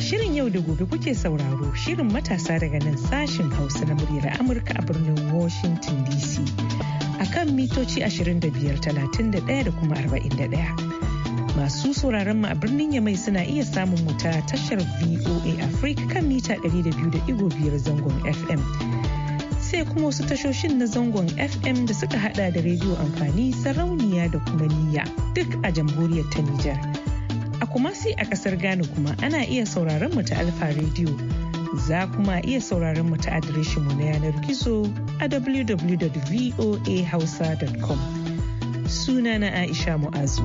Shirin yau da gobe kuke sauraro shirin matasa daga nan sashen Hausa na muryar Amurka a birnin Washington DC a kan mitoci 25,31 da kuma 41. Masu sauraron mu a birnin Yamai suna iya samun mu tashar VOA Africa kan mita 200.5 zangon FM. sai kuma wasu tashoshin na zangon FM da suka hada da rediyo amfani sarauniya da kuma niyya duk a jamhuriyar ta Nijar. Kuma sai a kasar Ghana kuma ana iya sauraron mu ta Alfa Radio. Za kuma iya sauraron mu ta adireshin mu na yanar gizo a www.voahausa.com. Sunana Aisha Mu'azu.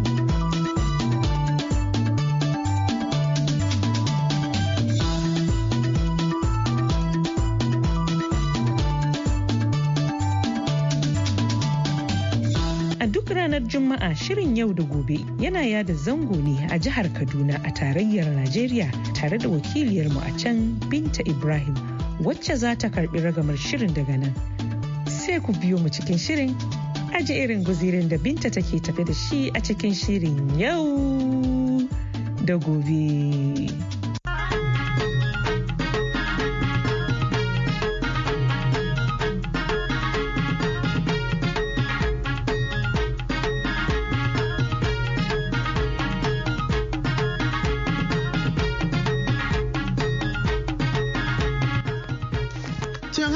Juma'a shirin yau da gobe yana yada zango ne a jihar Kaduna a tarayyar Najeriya tare da mu a can Binta Ibrahim wacce za ta karbi ragamar shirin daga nan. Sai ku biyo mu cikin shirin ajiye irin guzirin da Binta take tafe da shi a cikin shirin yau da gobe.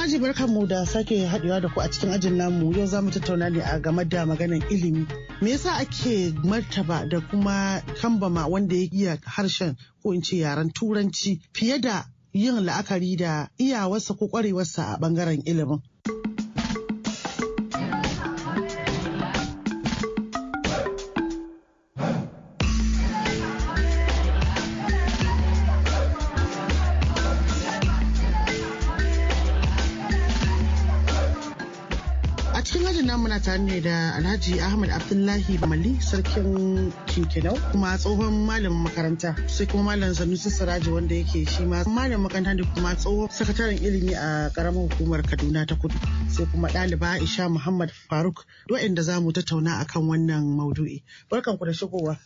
Alhaji mu da sake haɗewa da ku a cikin ajin namu yau za mu tattauna ne a game da maganar ilimi. Me yasa ake martaba da kuma kambama wanda ya iya harshen ko in ce yaren turanci fiye da yin la'akari da iyawarsa ko kwarewarsa a bangaren ilimin. tare ne da Alhaji Ahmad Abdullahi Mali sarkin Kinkinau kuma tsohon malamin makaranta sai kuma malam Sanusi Siraji wanda yake shi ma malamin makaranta da kuma tsohon sakataren ilimi a karamar hukumar Kaduna ta Kudu sai kuma ɗaliba Aisha Muhammad Faruk da za mu tattauna kan wannan maudu'i. Barkan da shigowa.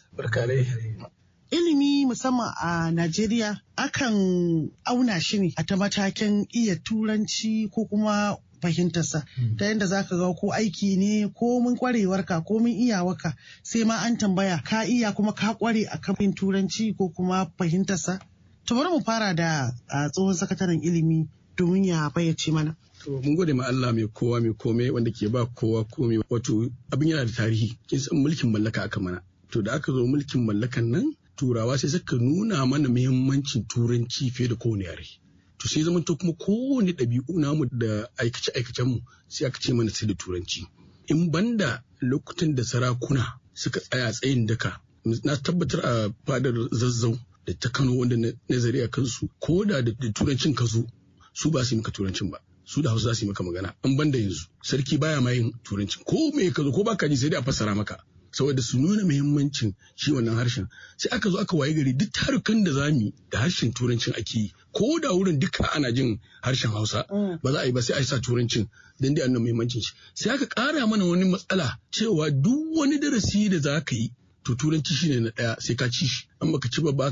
ilimi musamman a Najeriya akan auna shi ne a ta matakin iya turanci ko kuma fahimtarsa hmm. ta yadda za ka ga ko aiki ne ko mun kwarewarka ko mun iyawarka sai ma an tambaya ka iya kuma ka kware a kamfanin turanci ko kuma fahimtarsa to bari mu fara da tsohon sakataren ilimi domin ya bayyace mana To mun gode ma Allah mai kowa mai komai wanda ke ba kowa komai wato abin yana da tarihi kin san mulkin mallaka aka mana to da aka zo mulkin mallakan nan turawa sai suka nuna mana muhimmancin turanci fiye da kowane yare to sai zama to kuma kowane ɗabi'u namu da aikace aikacen mu sai aka ce mana sai da turanci in banda lokutan da sarakuna suka tsaya tsayin daka na tabbatar a fadar zazzau da ta kano wanda nazari a kansu ko da da turancin ka zo su ba su yi maka turancin ba su da hausa za su yi maka magana an banda yanzu sarki baya ma yin turancin ko me ka zo ko baka ji sai dai a fassara maka saboda su nuna muhimmancin shi wannan harshen sai aka zo aka waye gari duk tarukan da zami da harshen turancin ake yi ko da wurin duka ana jin harshen hausa mm. ba za a yi ba sai a sa turancin don dai annan muhimmancin shi sai aka ƙara mana wani matsala cewa duk wani darasi da za ka yi to turanci shine na ɗaya sai ka ci shi an baka ci ba ba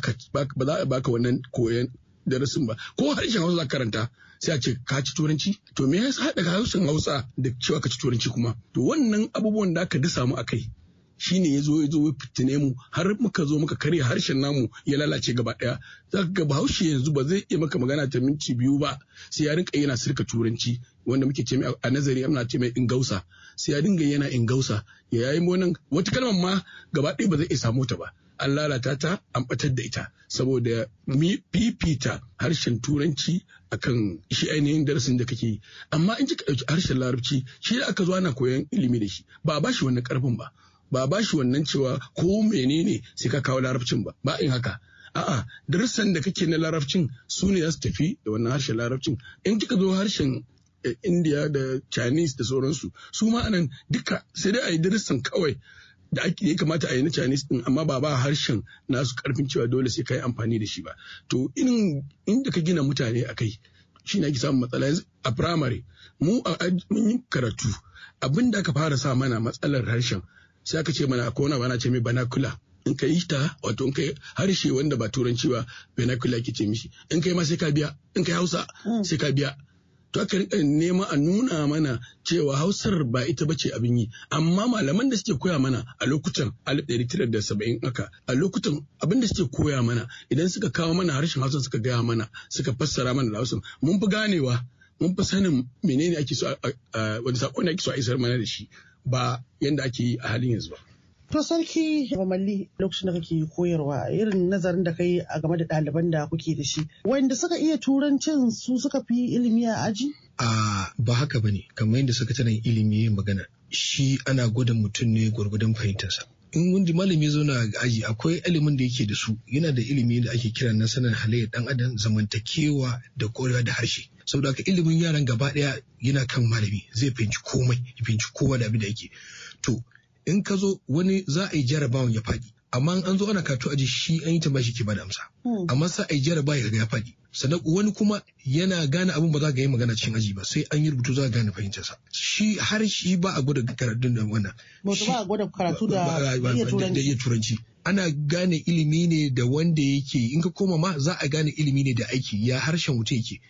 za a baka wannan koyan darasin ba ko harshen hausa za ka karanta sai a ce ka ci turanci to me yasa haɗa harshen hausa da cewa ka ci turanci kuma to wannan abubuwan da aka dasa mu kai. shine ya zo ya zo fitine mu har muka zo muka karya harshen namu ya lalace gaba daya za ga bahaushe yanzu ba zai iya maka magana ta minti biyu ba sai ya rinka yana sirka turanci wanda muke ce a nazari ana ce mai ingausa sai ya dinga yana ingausa ya yayi wannan wata kalmar ma gaba ba zai iya samu ta ba an lalata ta an batar da ita saboda fifita harshen turanci akan shi ainihin darasin da kake yi amma in ji ka harshen larabci shi da aka zo ana koyan ilimi da shi ba a bashi shi wani ƙarfin ba ba ba shi wannan cewa ko menene sai ka kawo larabcin ba ba in haka a'a darussan da kake na larabcin su ne su tafi da wannan harshen larabcin in kika zo harshen eh, India da Chinese da sauransu su ma anan duka sai dai a yi darussan kawai da ake ya kamata a yi na Chinese din amma ba ba harshen nasu karfin cewa dole sai ka yi amfani da shi ba to in inda ka gina mutane a kai shi ne ake samun matsala a primary mu a yi karatu abin da aka fara sa mana matsalar harshen sai aka ce mana akwai wani bana ce mai banakula in ka yi ta wato in ka harshe wanda ba turanci ba banakula ke ce mishi in ka yi ma sai ka biya in ka yi hausa hmm. sai ka biya to aka rinka nema a nuna mana cewa hausar ba ita ba ce abin yi amma malaman da suke koya mana a lokutan 1970 aka a lokutan abin da suke koya mana idan suka kawo mana harshen hausa suka gaya mana suka fassara mana da hausa mun fi ganewa mun fi sanin menene ake so wani sako ne ake so a isar mana da shi ba yadda ake yi a halin yanzu ba. To sarki Bamalli lokacin da kake koyarwa irin nazarin da kai a game da ɗaliban da kuke da shi wanda suka iya turancin su suka fi ilimi a aji? A ba haka ba ne kamar yadda suka sakataren ilimi ya magana shi ana gwada mutum ne gwargwadon fahimtarsa. in mun malami zo na aji akwai ilimin da yake da su yana da ilimi da ake kira na sanin halayyar dan adam zamantakewa da korewa da harshe saboda haka ilimin yaran gaba daya yana kan malami zai fahimci komai ya fahimci kowa da abin da yake to in ka zo wani za a yi jarabawan ya faɗi amma an zo ana karatu aji shi an yi tambashi shi ke bada amsa hmm. amma sa ai jaraba ya ya faɗi sannan wani kuma yana gane abin ba za ga yi magana cikin aji ba sai an yi rubutu za gane fahimtar sa shi har shi ba a gwada karatun da wannan ba a turanci ana gane ilimi ne da wanda yake in ka koma ma za a gane ilimi ne da aiki ya harshen wuta yake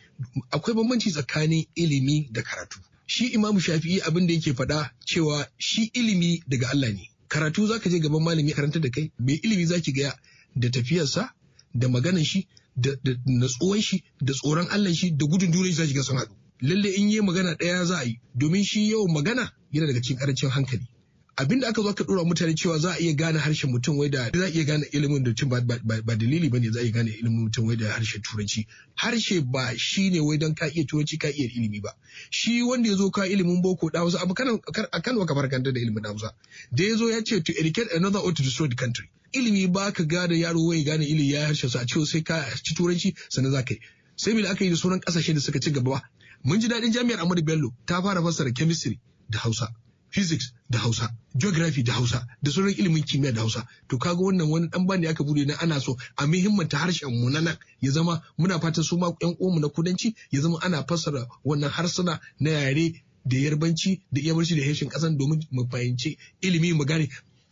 akwai bambanci tsakanin ilimi da karatu shi imamu shafi'i abin da yake faɗa cewa shi ilimi daga Allah ne karatu zaka je gaban malami karanta da kai mai ilimi za ki gaya? da tafiyarsa da maganan shi da natsuwan shi da tsoron Allah shi da gudun duniya zaki ga sun haɗu lalle in yi magana ɗaya za a yi domin shi yawan magana yana daga cikin ƙarancin hankali abinda aka zo ka dora mutane cewa za a iya gane harshen mutum wai da za a iya gane ilimin da ba dalili bane za a iya gane ilimin mutum wai da harshen turanci harshe ba ne wai don ka iya turanci ka iya ilimi ba shi wanda ya zo ka ilimin boko da Hausa abu kan akan wa kamar kanta da ilimin Hausa da ya zo ya ce to educate another or to destroy the country ilimi ba ka gane yaro wai gane ilimi ya harshe sa a cewa sai ka ci turanci sannan za ka yi sai me da aka yi da sauran kasashe da suka ci gaba mun ji daɗin jami'ar Ahmadu Bello ta fara fassara chemistry da Hausa physics da hausa geography da hausa da sauran ilimin kimiyya da hausa to kaga wannan wani dan bani aka bude na ana so a muhimmanta harshen mu na nan ya zama muna fatan su ma yan uwanmu na kudanci ya zama ana fassara wannan harsuna na yare da yarbanci da iya barci da harshen kasan domin mu fahimci ilimi mu gane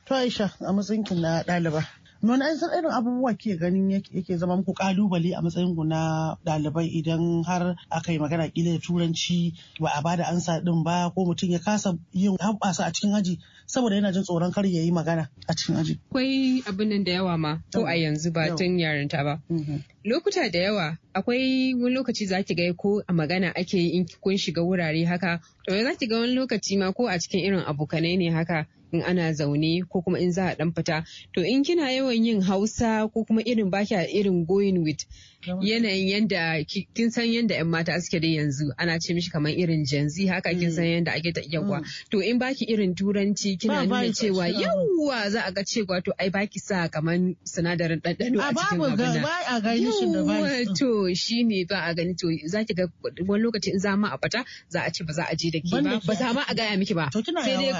to Aisha a matsayinki na ɗaliba Wani an irin abubuwa ke ganin yake zama muku kalubale a matsayin ku na ɗalibai idan har aka yi magana kila da turanci ba a bada ansa din ba ko mutum ya kasa yin haɓasa a cikin aji saboda yana jin tsoron kar ya yi magana a cikin aji. Akwai abin nan da yawa ma ko a yanzu ba tun yarinta ba. Mm-hmm. Lokuta da yawa akwai wani lokaci za ki ga ko a magana ake yi in kun shiga wurare haka to za ki ga wani lokaci ma ko a cikin irin abokanai ne haka in ana zaune ko kuma in za a dan fita to in kina yawan yin hausa ko kuma irin baki a irin going with yanayin yadda kin san yadda yan mata suke da yanzu ana ce mishi kamar irin Gen Z haka kin san mm. yadda ake ta kwa mm. to in baki irin turanci kina nuna cewa yawa za a ga cewa to ai baki sa kamar sinadarin ɗanɗano a cikin abin ba a gani shi da ba to shine ba a gani to zaki ga wani lokaci in za ma a fata za a ce ba za a je da ke ba ba za ma a gaya miki ba sai dai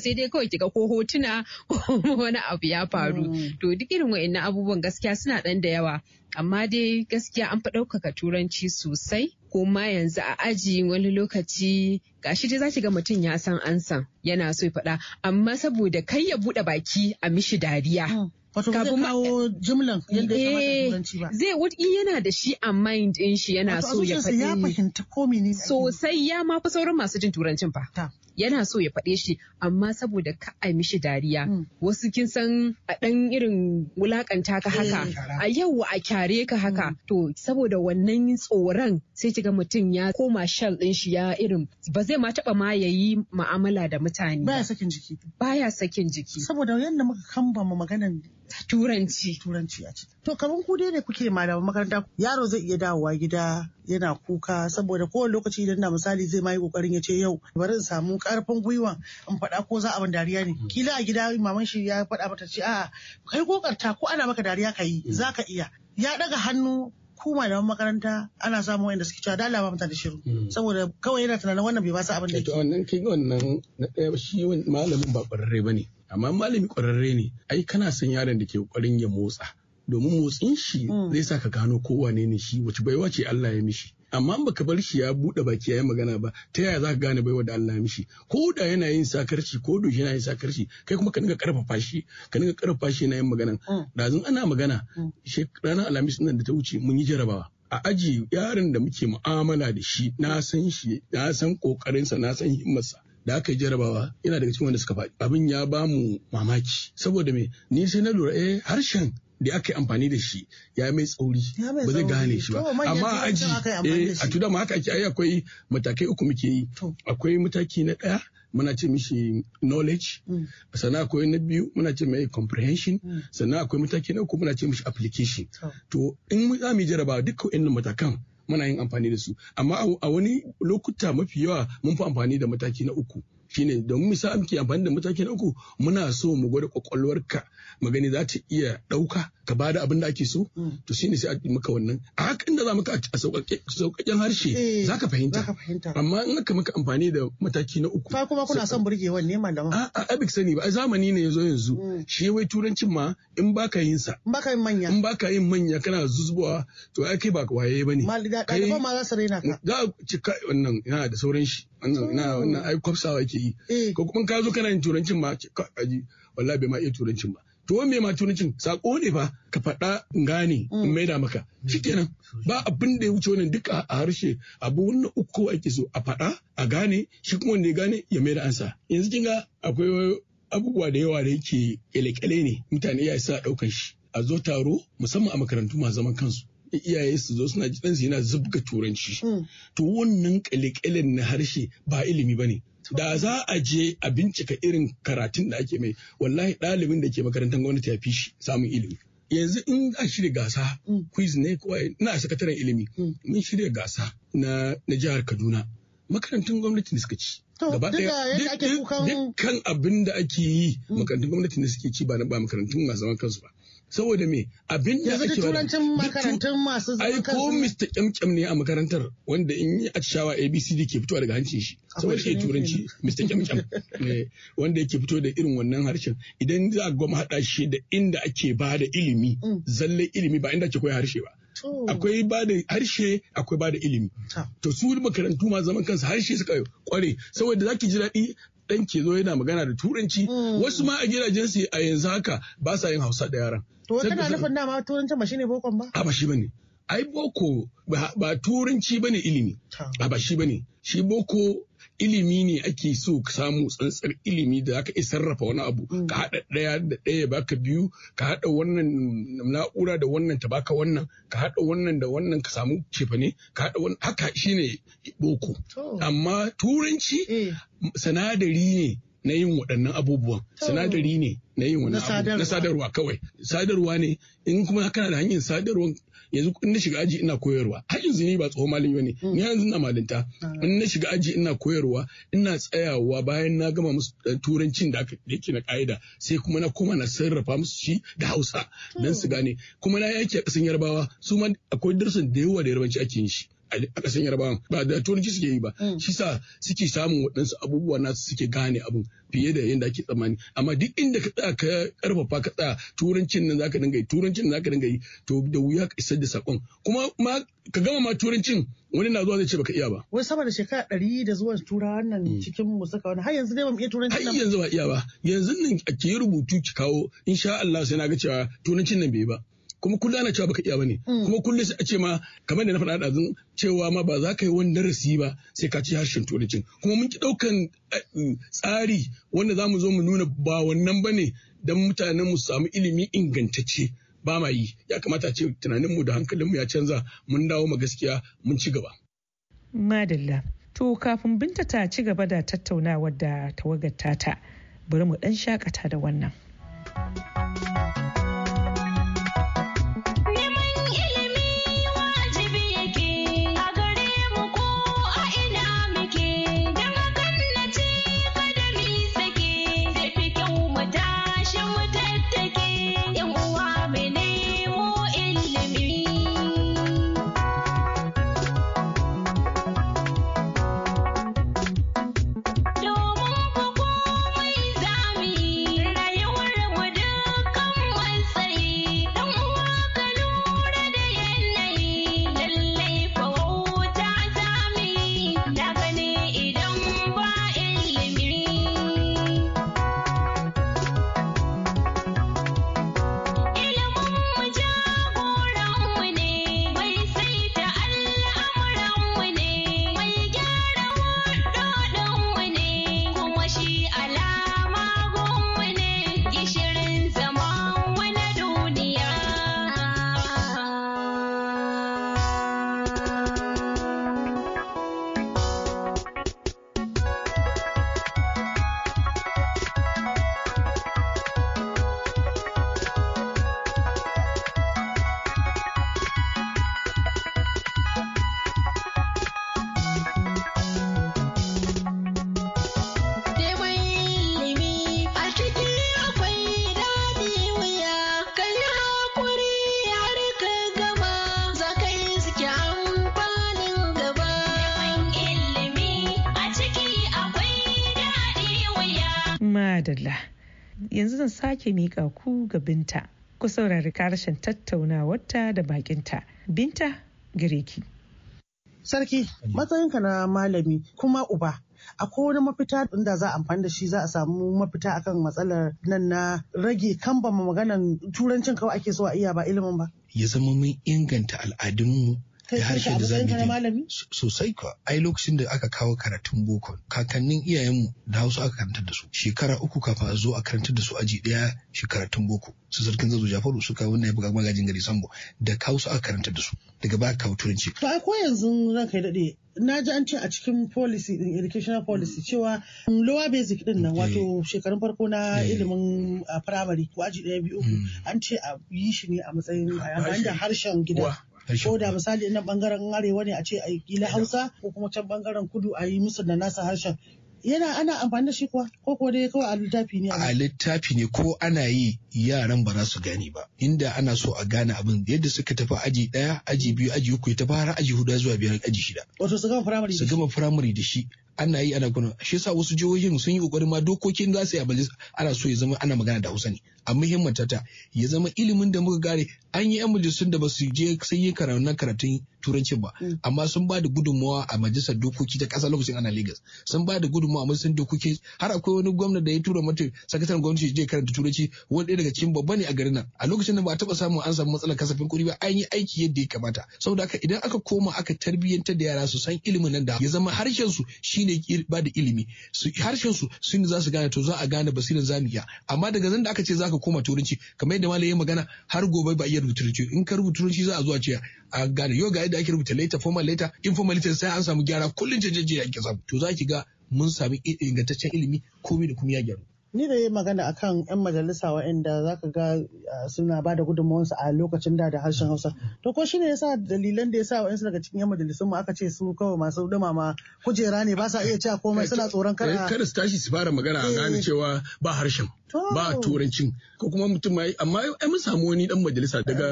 sai dai dai kawai kiga ko hotuna ko wani abu ya faru mm. to duk irin wa'annan abubuwan gaskiya suna ɗan da yawa amma dai gaskiya an fi ɗaukaka turanci sosai kuma yanzu a aji wani lokaci gashi dai zaki ga mutum ya san san yana so ya faɗa amma saboda kai ya buɗe baki a mishi dariya mm. Wato ba zai kawo jimlan yadda ya eh, turanci ba. Zai wuce yana da shi a mind din shi yana so ya faɗi. ya fahimta ko menene. Sosai ya ma fi sauran masu jin turancin fa. yana so ya faɗe shi amma saboda ka a mishi dariya mm. wasu kin san a ɗan irin wulakanta ka haka eh. a yau a kyare ka haka mm. to saboda wannan tsoron sai kiga mutum ya koma shal ɗin shi ya irin ba zai ma taɓa ma ya yi mu'amala da mutane baya sakin jiki baya sakin jiki saboda yadda muka kamba maganan Turanci. Turanci a ciki. To kamar ku dai ne kuke malaman makaranta yaro zai iya dawowa gida yana kuka saboda kowane lokaci idan na misali zai ma yi kokarin ya ce yau bari in samu karfin gwiwa in faɗa ko za a ban dariya ne mm. kila a gida maman shi ya faɗa mata ce a'a kai kokarta ko ana maka dariya ka yi mm. za ka iya ya daga hannu ku malaman makaranta ana samun wanda suke cewa dala ba mutane shiru mm. saboda kawai yana tunanin wannan bai ba su abin da eh, ke wannan kai wannan na ɗaya shi malamin ba ƙwararre ba ne. amma malami kwararre ne ai kana son yaron da ke kwarin ya motsa domin motsin shi mm. zai sa ka gano kowane ne shi wace baiwa ce Allah ya mishi amma baka bar shi ya buɗe baki ya yi magana ba ta yaya za ka gane baiwa da Allah ya mishi ko da yana yin sakarci ko da yana yin sakarci kai kuma ka dinga karfafa shi ka dinga karfafa shi yana yin magana dazun mm. ana magana mm. ranar alhamis nan da ta wuce mun yi jarabawa a aji yaron da muke mu'amala da shi na san shi na san kokarinsa na san himmarsa da aka yi jarabawa ina daga cikin wanda suka faɗi abin ya ba mu mamaki saboda me ni sai na lura eh harshen da aka yi amfani da shi ya mai tsauri ba zai gane shi ba amma aji eh, a tuda ma haka ake ai akwai matakai uku muke yi akwai mataki na ɗaya muna ce mishi knowledge mm. sannan akwai na biyu muna ce mai comprehension mm. sannan akwai mataki na uku muna ce mishi application to in za mu yi jarabawa dukkan wannan matakan muna yin amfani da su amma a wani lokuta mafi yawa mun fi amfani da mataki na uku shine don misa amke amfani da mataki na uku muna so mu gwada kwakwalwarka magani za ta iya ɗauka ka ba da abin da ake so mm. to shine sai a maka wannan a hakan da za maka a sauƙaƙen harshe eh, za ka fahimta amma in aka maka amfani da mataki na uku. Fa kuma kuna son burgewan ne ma a abik sani ba a zamani ne yazo yanzu mm. shi wai turancin ma in ka yin sa. In ka yin manya. In ka yin manya kana zuzubawa to ai kai ba waye bane. da ɗaliban ma za su raina ka. Za a cika wannan yana da sauran shi wannan ina mm. wannan ai kwafsawa yi mm. ko kuma ka zo kana yin turancin ma aji wallahi bai ma iya turancin ba to wani mai ma turancin sako ne fa ka faɗa gane in mm. mai da maka shikenan ba abin da ya wuce wannan duka a harshe abu wannan uku ake so a faɗa a gane shi kuma wanda ya gane ya mai da ansa yanzu kinga akwai abubuwa da yawa da yake kyale-kyale ne mutane ya sa ɗaukan shi a zo taro musamman a makarantu ma zaman kansu iyaye su zo suna ji ɗansu yana zubga turanci hmm. to wannan kyalekyalen na harshe ba ilimi ba ne da za a je a bincika irin karatun da ake mai wallahi ɗalibin da ke makarantar gwamnati ya fi shi samun ilimi yanzu in a shirya gasa hmm. quiz ne kawai ina sakataren ilimi hmm. mun shirya gasa na jihar kaduna makarantun gwamnati ne suka ci gaba dukkan abin da ake yi makarantun gwamnati ne suke ci ba na ba makarantun masu zaman kansu ba saboda me abin da ake turancin makarantun masu zaman ko Mr. Kyamkyam ne a makarantar wanda in yi atishawa ABCD ke fitowa daga hancin shi saboda ke turanci Mr. Kyamkyam eh, wanda yake fito da irin wannan harshen idan za a goma haɗa shi da inda ake ba da ilimi mm. zalle ilimi ba inda ake koya harshe ba akwai ba da harshe akwai ba da ilimi to su makarantu ma zaman kansu harshe suka kware saboda zaki ji daɗi dan ke zo yana magana da turanci mm. wasu ma a gidajen su a yanzu haka ba sa yin hausa da yaran to kana nufin dama turancin ba shine bokon ba a ba shi bane ai boko ba turanci bane ilimi a ba shi bane shi boko ilimi ne ake so ka samu tsantsar ilimi da zaka iya sarrafa wani abu mm. ka haɗa ɗaya da ɗaya baka biyu ka haɗa wannan na'ura da wannan ta baka wannan ka haɗa wannan da wannan ka samu cefane ka haɗa wannan haka shine boko amma turanci eh. sanadari ne na yin waɗannan abubuwan sinadari ne na yin wani abu na sadarwa kawai sadarwa ne in kuma kana da hanyar sadarwa yanzu in na shiga aji ina koyarwa har yanzu ni ba tsohon malami bane ni yanzu ina malinta ah. in na shiga aji ina koyarwa ina tsayawa bayan na gama musu eh, turancin da yake na ka'ida sai kuma na koma na sarrafa musu shi da Hausa dan su hmm. gane kuma na yake a kasan Yarbawa su ma akwai darsin da yawa da Yarbanci ake yin shi a ƙasar yarbawa ba da turanci suke yi ba mm. shi sa suke samun waɗansu abubuwa nasu suke gane abin fiye da yadda ake tsammani amma duk inda ka tsaya ka karfafa ka tsaya turancin nan zaka dinga yi turancin nan zaka dinga yi to da wuya ka isar da sakon kuma ma ka gama ma turancin wani na zuwa zai ce baka iya ba wai sama da shekara ɗari da zuwa turawan nan mm. cikin mu suka wani har yanzu dai mu iya turancin nan har yanzu ba iya ba yanzu nan ake rubutu ki kawo insha Allah sai na ga cewa turancin nan bai ba kuma kullum ana cewa baka iya bane mm. kuma kullum sai a ce ma kamar da na faɗa ɗazun cewa ma ba za ka yi wani darasi ba sai ka ci harshen turancin kuma mun ki ɗaukan eh, mm, tsari wanda za mu zo mu nuna ba wannan bane don mutanen mu samu ilimi ingantacce ba ma yi ya kamata ce tunanin mu da hankalinmu ya canza mun dawo ma gaskiya mun ci gaba. Madalla, to kafin binta ta ci gaba da tattaunawar da tawagar tata bari mu ɗan shakata da wannan. sake miƙa ku ga binta. Ku saurari karshen tattaunawarta da bakinta. Binta gareki. Sarki, matsayinka na malami kuma uba. akwai wani mafita inda za a amfani da shi za a samu mafita akan matsalar nan na rage kan kambama maganan turancin kawai ake so a iya ba ilimin ba. Ya zama mun inganta al'adunmu kai harkar da zamu sosai kuwa. ai lokacin da aka kawo karatun boko kakannin iyayenmu da Hausa aka karanta da su shekara uku kafin a zo a karanta da su aji daya shekaratun boko su sarkin zazu Jafaru suka wannan ya buga magajin gari Sambo da Hausa aka karanta da su daga baya kawo turanci to a ko yanzu ranka ya dade na ji an ce a cikin policy din educational policy cewa lower basic din nan eh. wato shekarun farko na eh. ilimin primary ko aji daya biyu hmm. an ce a yi shi ne a matsayin a da harshen gida ko da misali nan bangaren arewa ne a ce a kila hausa ko kuma can bangaren kudu a yi musu da nasa harshen yana ana amfani da shi kuwa ko ko dai kawai a littafi ne a littafi ne ko ana yi yaran ba za su gane ba inda ana so a gane abin yadda suka tafi aji daya aji biyu aji uku ya tafi har aji hudu zuwa biyar aji shida wato su gama firamare su gama firamare da shi ana yi ana gano shi yasa wasu jihohin sun yi kokarin ma dokokin za su yi ana so ya zama ana magana da Hausa ne a muhimmanta ta ya zama ilimin da muka gare an yi yan majalisun da ba su je sun yi karatun karatun turancin ba mm. amma sun ba da gudunmawa a majalisar dokoki ta ƙasa lokacin ana Lagos sun ba da gudunmawa a majalisar dokoki har akwai wani gwamna da ya tura mata sakataren gwamnati je karanta turanci wani daga cikin babba ne a garin nan a lokacin da ba a taɓa samun an samu matsalar kasafin kuɗi ba an yi aiki yadda ya kamata saboda haka idan aka koma aka tarbiyyantar da yara su san ilimin nan da ya zama harshen su shi ne ba da ilimi su harshen su sun za su gane to za a gane basirin zamu iya amma daga zan da aka ce za ka koma turanci kamar yadda malam magana har gobe ba iya rubuta turanci in ka rubuta turanci za a zuwa ce a gane yau ga yadda ake rubuta later formal letter informal letter sai an samu gyara kullun jajjaje ya ke samu to za ki ga mun sami ingantaccen ilimi komai da kuma ya gyaru ni da yi magana akan 'yan majalisa waɗanda za ka ga ah, suna ba da gudunmawansu a lokacin da da harshen hausa to ko shi ne yasa dalilan da yasa waɗansu daga cikin 'yan majalisun mu aka ce su kawai masu dumama kujera ne ba sa iya cewa komai suna tsoron kada eh, kada su tashi su fara magana a gane eh. cewa ba harshen ba turancin ko kuma mutum mai amma ai mun samu wani dan majalisa daga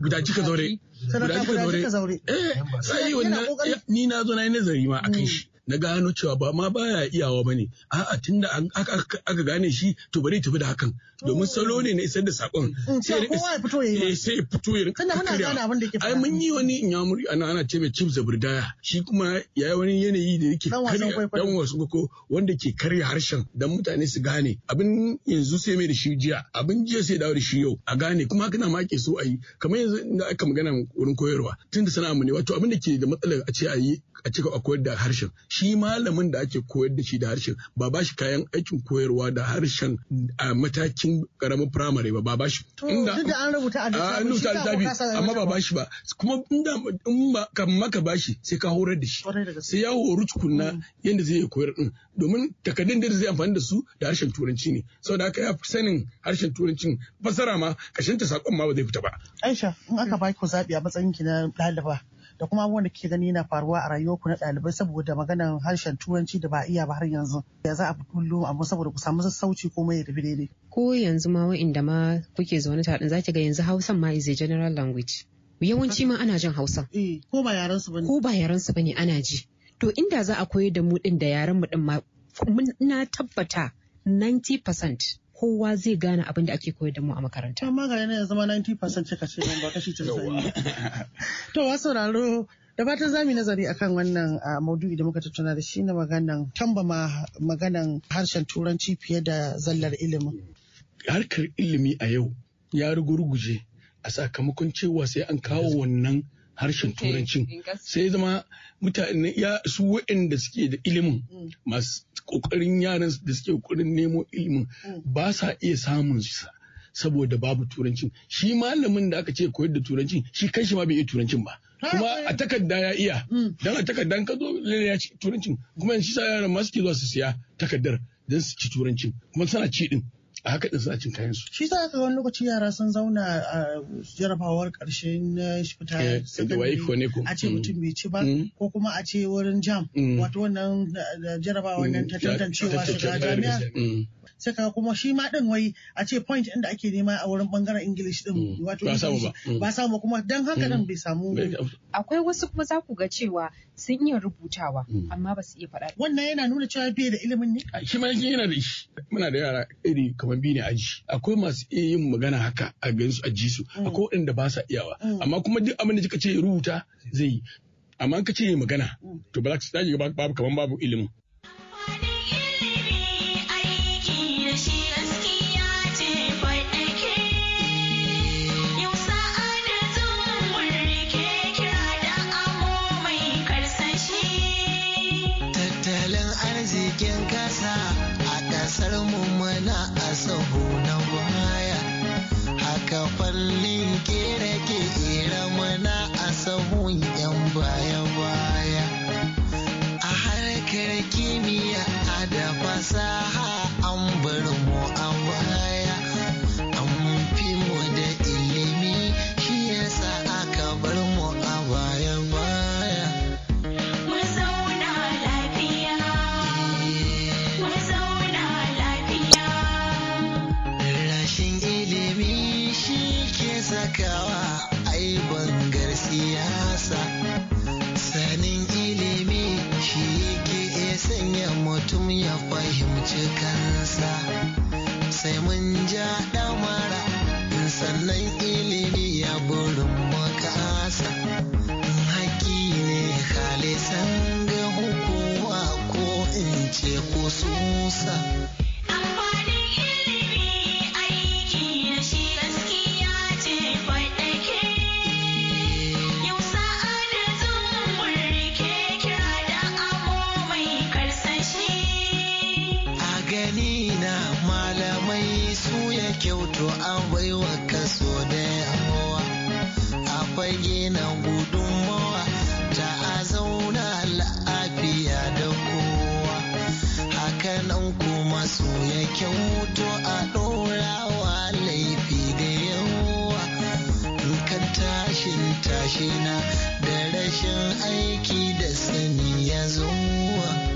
guda cika zaure guda cika zaure eh sai wannan ni na zo na yi nazari ma akan shi na gano cewa ba ma baya iyawa bane a'a tunda aka gane shi to bari tafi da hakan domin salo ne na isar da sakon eh, sai ya fito ya sai fito muna gane abin da ke ai mun yi wani in yamuri ana ana ce mai chips zabirdaya shi kuma yayi wani yanayi da yake dan wasu koko wanda ke karya harshen dan mutane su gane abin yanzu sai mai da shi jiya abin jiya sai dawo da shi yau a gane kuma haka na ma ke so a yi kamar yanzu da aka magana wurin koyarwa tunda sana'a mu ne wato abin da ke da matsalar a ce a a cika koyar da harshen shi malamin da ake koyar da shi da harshen ba ba shi kayan aikin koyarwa da harshen a matakin karamin firamare ba ba ba shi inda an rubuta a amma ba ba shi ba kuma inda in ba kan maka ba shi sai ka horar da shi sai ya horu tukunna mm. yadda zai koyar din domin takardun da zai amfani da su da harshen turanci ne saboda haka ya fi sanin harshen turancin fasara ma kashinta saƙon sakon ma ba zai fita ba Aisha in aka baki ku zabi a matsayin ki na ɗaliba da kuma abubuwan da ke gani yana faruwa a rayuwar ku na ɗalibai saboda maganar harshen turanci da ba iya ba har yanzu ya za a kullum amma saboda ku samu sassauci ko mai tafi daidai. Ko yanzu ma wa'inda ma kuke zaune haɗin zaki ga yanzu Hausan ma is a general language. Yawanci ma ana jin Hausa. Eh, ko ba yaran su bane. Ko ba yaran su bane ana ji. To inda za a koyar da mu ɗin da yaran mu ɗin ma ina tabbata 90% kowa zai gane abin da ake koyar da mu a makaranta. Amma ga yana zama 90% cika ce ba kashi 90. To wa sauraro da fatan zami nazari akan wannan maudu'i da muka tattauna da shi na maganan tambama maganan harshen turanci fiye da zallar ilimi. Harkar ilimi a yau ya rugurguje a sakamakon cewa sai an kawo wannan harshen turancin eh, sai zama mutane ya su waɗanda suke da ilimin mm. masu kokarin yaran da suke kokarin nemo ilimin mm. ba sa iya samun sa saboda babu turanci shi malamin da aka ce koyar da turancin shi kai shi ma bai iya turancin ba kuma eh. a takarda ya iya mm. dan a takarda ka zo ya ci turancin kuma yanzu sa yaran ma suke zuwa su siya takardar dan su ci turancin kuma suna ci din a haka din suna cin kayan su shi za ka wani lokaci yara sun zauna a jarabawar karshen eh, fita eh, a ce mm. mutum bai ci ba mm. ko kuma a ce wurin jam mm. wato wannan eh, jarabawar nan ta tantancewa shiga jami'a sai ka kuma shi ma din wai a ce point inda ake nema a wurin bangaren english din wato ba samu ba kuma dan haka nan bai samu akwai wasu kuma za ku ga cewa sun iya rubutawa mm. amma ba su iya faɗa. Wannan yana nuna cewa bai da ilimin ne? Shi ma yana da shi. Muna da yara iri kamar biyu ne ji. Akwai masu iya yin magana haka a gansu a ji su. Mm. Akwai waɗanda ba sa iyawa. Mm. Amma kuma duk abin da kika ce rubuta zai yi. Amma ka ce magana to ba za ka babu kamar babu ilimin. kashe na da rashin aiki da sani ya zuwa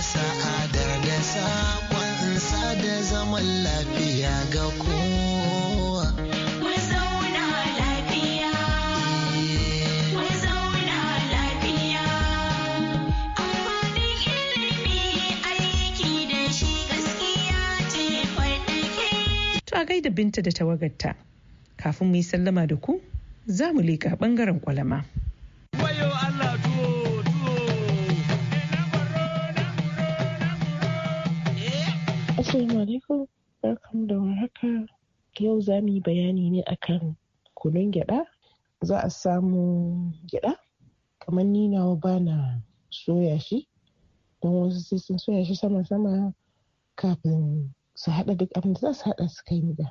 sa'ada da saƙon sa da zaman lafiya ga kowa. a gaida binta da tawagarta, kafin mu yi sallama da ku, za mu leƙa ɓangaren ƙwalama. Assalamu alaikum barkamu da warhaka yau za mu yi bayani ne akan kunun gyaɗa? za a samu gyaɗa? kamar ni nawa ba na soya shi don wasu sai sun soya shi sama-sama kafin su haɗa duk abin da za su haɗa su kai gida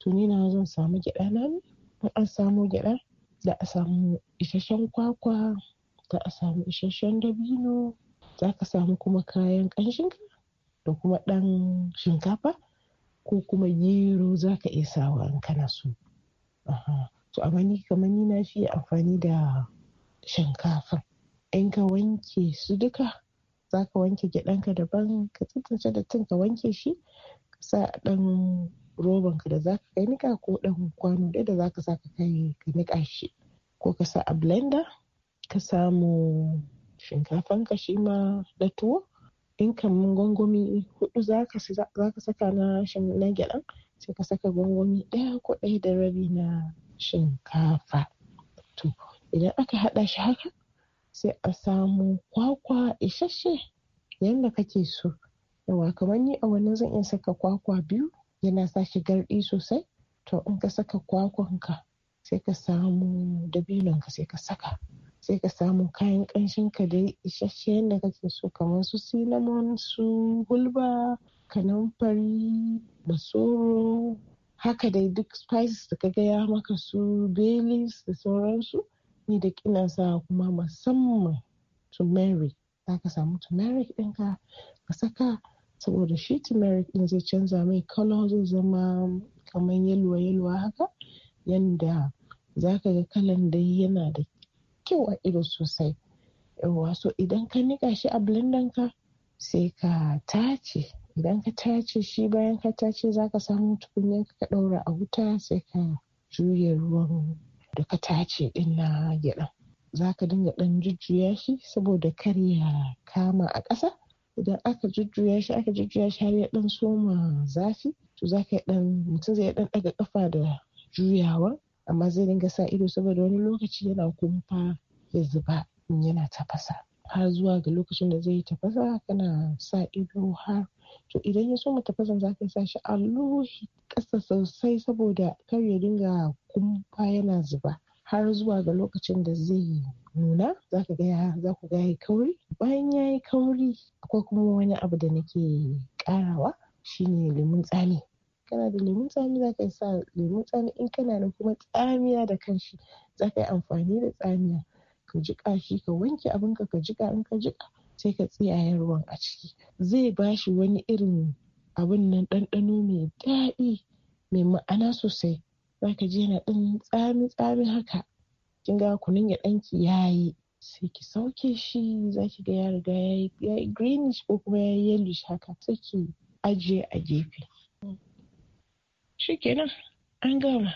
to ni nawa zan samu gyaɗa na ne in an samu gyaɗa, za a samu isasshen kwakwa za a samu isasshen dabino za ka samu kuma kayan ƙanshinka da kuma ɗan shinkafa ko kuma gero za ka iya sawa in kana so. To amma ni kamar ni na fi amfani da shinkafa. In ka wanke su duka za ka wanke gyaɗanka daban ka tsintsince tun ka wanke shi ka sa ɗan robanka da za ka kai niƙa ko ɗan kwano ɗaya da za ka sa ka kai ka niƙa shi ko ka sa a blender ka samu shinkafanka shi ma na tuwo in kaman gwangwami hudu za ka saka na na gyaɗan sai ka saka gwangwami ɗaya ko ɗaya da rabi na shinkafa to idan aka haɗa shi haka sai a samu kwakwa isasshe yadda kake so yawa kamar ni a wannan zan iya saka kwakwa biyu yana sa shi garɗi sosai to in ka saka kwakwanka sai ka samu dabinonka sai ka saka sai ka samu kayan ƙanshin ka da isasshe yadda kake so kamar su cinnamon su hulba kanamfari masoro haka dai duk spices da ka gaya maka su baileys da sauransu ni da kina sa kuma musamman turmeric za ka samu turmeric ɗinka ka saka saboda shi turmeric ɗin zai canza mai kalo zai zama kamar yalwa yalwa haka yanda za ka ga kalan dai yana da kyau a ido sosai yawwa so idan ka nika shi a blender ka sai ka tace idan ka tace shi bayan ka tace za ka samu tukunyar ka ɗaura a wuta sai ka juya ruwan da ka tace din na gyaɗa za ka dinga ɗan jujjuya shi saboda kar ya kama a ƙasa idan aka jujjuya shi aka jujjuya shi har ya ɗan soma zafi to za ka dan mutum zai ɗan ɗaga ƙafa da juyawar. amma zai dinga sa ido saboda wani lokaci yana kumfa ya zuba in yana tafasa har zuwa ga lokacin da zai tafasa kana sa ido har to idan ya so mu tafasan za ka sa shi a lohi ƙasa sosai saboda kar ya dinga kumfa yana zuba har zuwa ga lokacin da zai nuna za ka ga za ku ga yayi kauri bayan ya yi kauri akwai kuma wani abu da nake ƙarawa shine lemun tsami kana da lemun tsami za ka sa lemun tsami in kana da kuma tsamiya da kanshi za ka yi amfani da tsamiya ka jiƙa shi ka wanke abinka ka ka jiƙa in ka jiƙa sai ka tsiyaye ruwan a ciki zai ba shi wani irin abin nan ɗanɗano mai daɗi mai ma'ana sosai za ka ji yana ɗan tsami tsami haka kin ga kunun ya ɗanki ya yi sai ki sauke shi za ki ga ya riga ya yi greenish ko kuma ya yi yellowish haka sai ki ajiye a gefe nan, an gama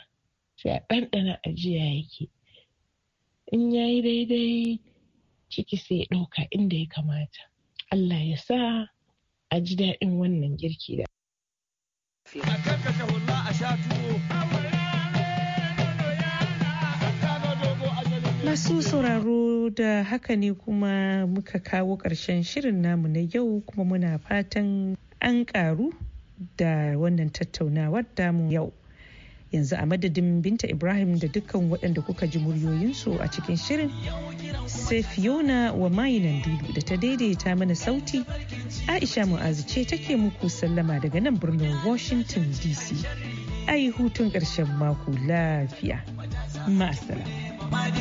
sai a ɗanɗana ajiya yake in ya yi daidai ciki sai ya ɗauka inda ya kamata Allah ya sa a ji daɗin wannan girki da Masu sauraro da haka ne kuma muka kawo ƙarshen shirin namu na yau kuma muna fatan an ƙaru da wannan tattaunawar damu yau yanzu a madadin binta ibrahim da dukkan waɗanda kuka ji muryoyinsu a cikin shirin sai fiona wa mayinan dudu da ta daidaita mana sauti aisha mu'azu ce take muku sallama daga nan birnin washington dc ai hutun ƙarshen mako lafiya ma'asala